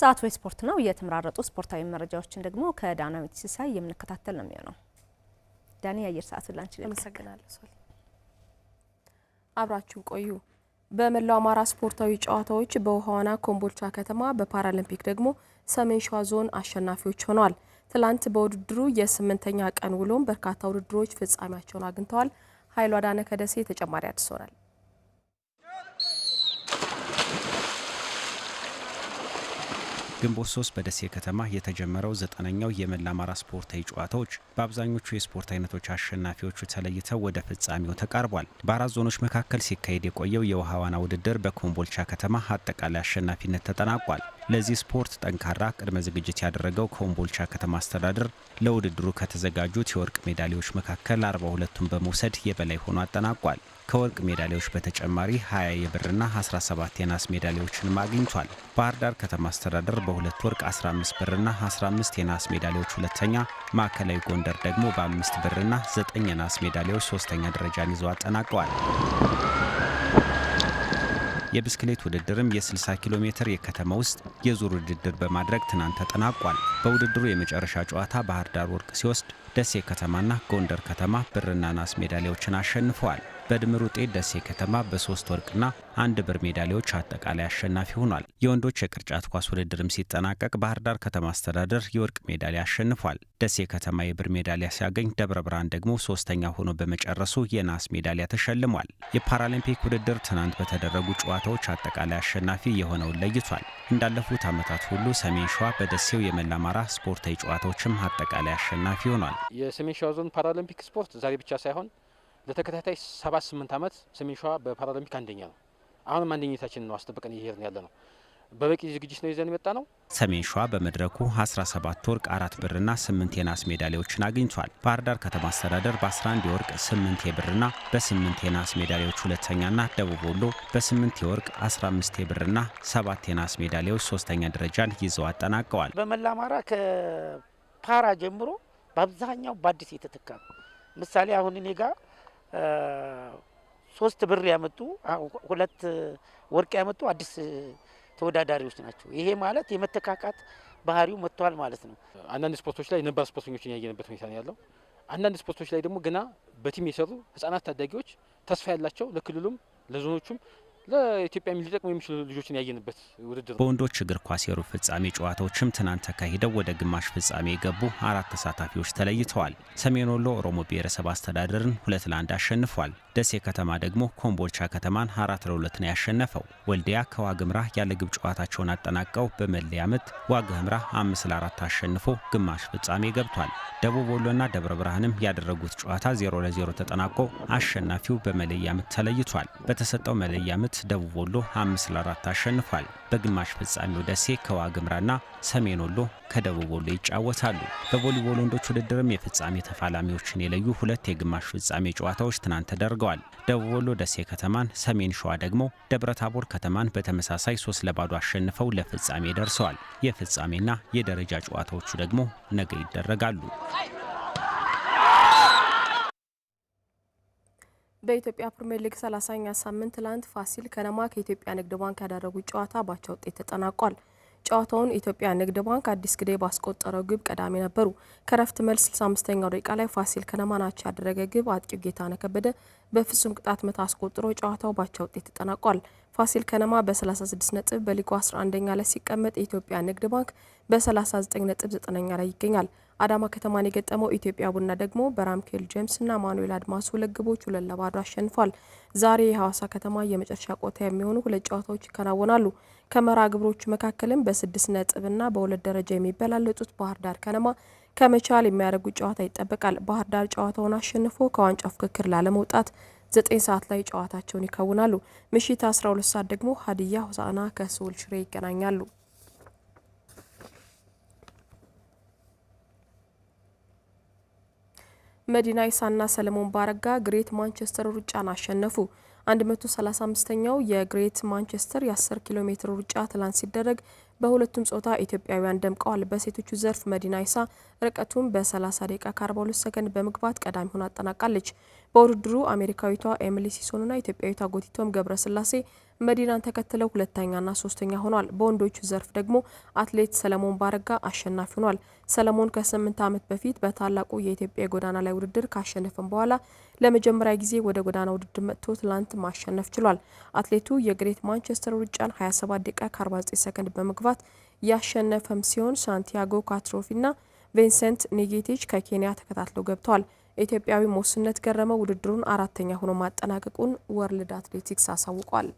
ሰዓቱ የስፖርት ነው። የተመራረጡ ስፖርታዊ መረጃዎችን ደግሞ ከዳናዊት ሲሳይ የምንከታተል ነው የሚሆነው። ዳኒ የአየር ሰዓቱን ላንቺ አመሰግናለሁ። አብራችሁ ቆዩ። በመላው አማራ ስፖርታዊ ጨዋታዎች በውሃ ዋና ኮምቦልቻ ከተማ፣ በፓራሊምፒክ ደግሞ ሰሜን ሸዋ ዞን አሸናፊዎች ሆነዋል። ትላንት በውድድሩ የስምንተኛ ቀን ውሎም በርካታ ውድድሮች ፍጻሜያቸውን አግኝተዋል። ኃይሉ አዳነ ከደሴ ተጨማሪ አድርሶናል። ግንቦት ሶስት በደሴ ከተማ የተጀመረው ዘጠነኛው የመላ አማራ ስፖርታዊ ጨዋታዎች በአብዛኞቹ የስፖርት አይነቶች አሸናፊዎቹ ተለይተው ወደ ፍጻሜው ተቃርቧል። በአራት ዞኖች መካከል ሲካሄድ የቆየው የውሃ ዋና ውድድር በኮምቦልቻ ከተማ አጠቃላይ አሸናፊነት ተጠናቋል። ለዚህ ስፖርት ጠንካራ ቅድመ ዝግጅት ያደረገው ኮምቦልቻ ከተማ አስተዳደር ለውድድሩ ከተዘጋጁት የወርቅ ሜዳሊያዎች መካከል 42ቱን በመውሰድ የበላይ ሆኖ አጠናቋል። ከወርቅ ሜዳሊያዎች በተጨማሪ 20 የብርና 17 የናስ ሜዳሊያዎችን አግኝቷል። ባህር ዳር ከተማ አስተዳደር በሁለት ወርቅ 15 ብርና 15 የናስ ሜዳሊያዎች ሁለተኛ፣ ማዕከላዊ ጎንደር ደግሞ በአምስት ብርና 9 የናስ ሜዳሊያዎች ሶስተኛ ደረጃን ይዘው አጠናቀዋል። የብስክሌት ውድድርም የ60 ኪሎ ሜትር የከተማ ውስጥ የዙር ውድድር በማድረግ ትናንት ተጠናቋል። በውድድሩ የመጨረሻ ጨዋታ ባህር ዳር ወርቅ ሲወስድ፣ ደሴ ከተማና ጎንደር ከተማ ብርና ናስ ሜዳሊያዎችን አሸንፈዋል። በድምር ውጤት ደሴ ከተማ በሶስት ወርቅና አንድ ብር ሜዳሊያዎች አጠቃላይ አሸናፊ ሆኗል። የወንዶች የቅርጫት ኳስ ውድድርም ሲጠናቀቅ ባህር ዳር ከተማ አስተዳደር የወርቅ ሜዳሊያ አሸንፏል። ደሴ ከተማ የብር ሜዳሊያ ሲያገኝ፣ ደብረ ብርሃን ደግሞ ሶስተኛ ሆኖ በመጨረሱ የናስ ሜዳሊያ ተሸልሟል። የፓራሊምፒክ ውድድር ትናንት በተደረጉ ጨዋታዎች አጠቃላይ አሸናፊ የሆነውን ለይቷል። እንዳለፉት ዓመታት ሁሉ ሰሜን ሸዋ በደሴው የመላ አማራ ስፖርታዊ ጨዋታዎችም አጠቃላይ አሸናፊ ሆኗል። የሰሜን ሸዋ ዞን ፓራሊምፒክ ስፖርት ዛሬ ብቻ ሳይሆን ለተከታታይ 78 ዓመት ሰሜን ሸዋ በፓራኦሎምፒክ አንደኛ ነው። አሁንም አንደኝታችን ነው አስጠብቀን እየሄድን ያለ ነው። በበቂ ዝግጅት ነው ይዘን የመጣ ነው። ሰሜን ሸዋ በመድረኩ 17 ወርቅ፣ አራት ብርና 8 የናስ ሜዳሊያዎችን አግኝቷል። ባህር ዳር ከተማ አስተዳደር በ11 የወርቅ 8 የብርና በ8 የናስ ሜዳሊያዎች ሁለተኛና ደቡብ ወሎ በ8 የወርቅ 15 የብርና 7 የናስ ሜዳሊያዎች ሶስተኛ ደረጃን ይዘው አጠናቀዋል። በመላ አማራ ከፓራ ጀምሮ በአብዛኛው በአዲስ የተተካ ምሳሌ አሁን እኔ ጋር ሶስት ብር ያመጡ ሁለት ወርቅ ያመጡ አዲስ ተወዳዳሪዎች ናቸው። ይሄ ማለት የመተካካት ባህሪው መጥተዋል ማለት ነው። አንዳንድ ስፖርቶች ላይ ነባር ስፖርተኞችን ያየንበት ሁኔታ ነው ያለው። አንዳንድ ስፖርቶች ላይ ደግሞ ገና በቲም የሰሩ ህጻናት ታዳጊዎች ተስፋ ያላቸው ለክልሉም ለዞኖቹም ለኢትዮጵያ ሊጠቅሙ የሚችሉ ልጆችን ያየንበት ውድድር ነው። በወንዶች እግር ኳስ የሩብ ፍጻሜ ጨዋታዎችም ትናንት ተካሂደው ወደ ግማሽ ፍጻሜ የገቡ አራት ተሳታፊዎች ተለይተዋል። ሰሜን ወሎ ኦሮሞ ብሔረሰብ አስተዳደርን ሁለት ለአንድ አሸንፏል። ደሴ ከተማ ደግሞ ኮምቦልቻ ከተማን አራት ለሁለት ነው ያሸነፈው። ወልዲያ ከዋግምራ ያለ ግብ ጨዋታቸውን አጠናቀው በመለያ ምት ዋግምራ አምስት ለአራት አሸንፎ ግማሽ ፍጻሜ ገብቷል። ደቡብ ወሎና ደብረ ብርሃንም ያደረጉት ጨዋታ ዜሮ ለዜሮ ተጠናቆ አሸናፊው በመለያ ምት ተለይቷል። በተሰጠው መለያ ምት ደቡብ ወሎ አምስት ለአራት አሸንፏል። በግማሽ ፍጻሜው ደሴ ከዋግምራና ሰሜን ወሎ ከደቡብ ወሎ ይጫወታሉ። በቮሊቦል ወንዶች ውድድርም የፍጻሜ ተፋላሚዎችን የለዩ ሁለት የግማሽ ፍጻሜ ጨዋታዎች ትናንት ተደርገዋል። ደቡብ ወሎ ደሴ ከተማን፣ ሰሜን ሸዋ ደግሞ ደብረታቦር ከተማን በተመሳሳይ ሶስት ለባዶ አሸንፈው ለፍጻሜ ደርሰዋል። የፍጻሜና የደረጃ ጨዋታዎቹ ደግሞ ነገ ይደረጋሉ። በኢትዮጵያ ፕሪምየር ሊግ 30ኛ ሳምንት ትላንት ፋሲል ከነማ ከኢትዮጵያ ንግድ ባንክ ያደረጉት ጨዋታ ባቻ ውጤት ተጠናቋል። ጨዋታውን ኢትዮጵያ ንግድ ባንክ አዲስ ግዴ ባስቆጠረው ግብ ቀዳሚ ነበሩ። ከረፍት መልስ 65ኛው ደቂቃ ላይ ፋሲል ከነማ ናቸው ያደረገ ግብ አጥቂው ጌታ ከበደ በፍጹም ቅጣት ምት አስቆጥሮ ጨዋታው ባቻ ውጤት ተጠናቋል። ፋሲል ከነማ በ36 ነጥብ በሊጉ 11ኛ ላይ ሲቀመጥ የኢትዮጵያ ንግድ ባንክ በ39 ነጥብ 9ኛ ላይ ይገኛል። አዳማ ከተማን የገጠመው ኢትዮጵያ ቡና ደግሞ በራምኬል ጄምስና ማኑኤል አድማስ ሁለት ግቦች ሁለት ለባዶ አሸንፏል። ዛሬ የሐዋሳ ከተማ የመጨረሻ ቆታ የሚሆኑ ሁለት ጨዋታዎች ይከናወናሉ። ከመራ ግብሮች መካከልም በስድስት ነጥብና በሁለት ደረጃ የሚበላለጡት ባህር ዳር ከነማ ከመቻል የሚያደርጉት ጨዋታ ይጠበቃል። ባህር ዳር ጨዋታውን አሸንፎ ከዋንጫ ፉክክር ላለመውጣት ዘጠኝ ሰዓት ላይ ጨዋታቸውን ይከውናሉ። ምሽት 12 ሰዓት ደግሞ ሀዲያ ሆሳዕና ከሶል ሽሬ ይገናኛሉ። መዲና ኢሳና ሰለሞን ባረጋ ግሬት ማንቸስተር ሩጫን አሸነፉ። 135ኛው የግሬት ማንቸስተር የ10 ኪሎ ሜትር ሩጫ ትላንት ሲደረግ በሁለቱም ጾታ ኢትዮጵያውያን ደምቀዋል። በሴቶቹ ዘርፍ መዲና ይሳ ርቀቱን በ30 ደቂቃ ከ42 ሰከንድ በመግባት ቀዳሚ ሆና አጠናቃለች። በውድድሩ አሜሪካዊቷ ኤሚሊ ሲሶንና ኢትዮጵያዊቷ ጎቲቶም ገብረስላሴ መዲናን ተከትለው ሁለተኛና ሶስተኛ ሆኗል። በወንዶቹ ዘርፍ ደግሞ አትሌት ሰለሞን ባረጋ አሸናፊ ሆኗል። ሰለሞን ከስምንት ዓመት በፊት በታላቁ የኢትዮጵያ የጎዳና ላይ ውድድር ካሸነፈም በኋላ ለመጀመሪያ ጊዜ ወደ ጎዳና ውድድር መጥቶ ትላንት ማሸነፍ ችሏል። አትሌቱ የግሬት ማንቸስተር ሩጫን 27 ደቂቃ ከ49 ሰከንድ በመግባት ያሸነፈም ሲሆን ሳንቲያጎ ካትሮፊና ቬንሰንት ኔጌቲች ከኬንያ ተከታትለው ገብተዋል። ኢትዮጵያዊ ሞስነት ገረመው ውድድሩን አራተኛ ሆኖ ማጠናቀቁን ወርልድ አትሌቲክስ አሳውቋል።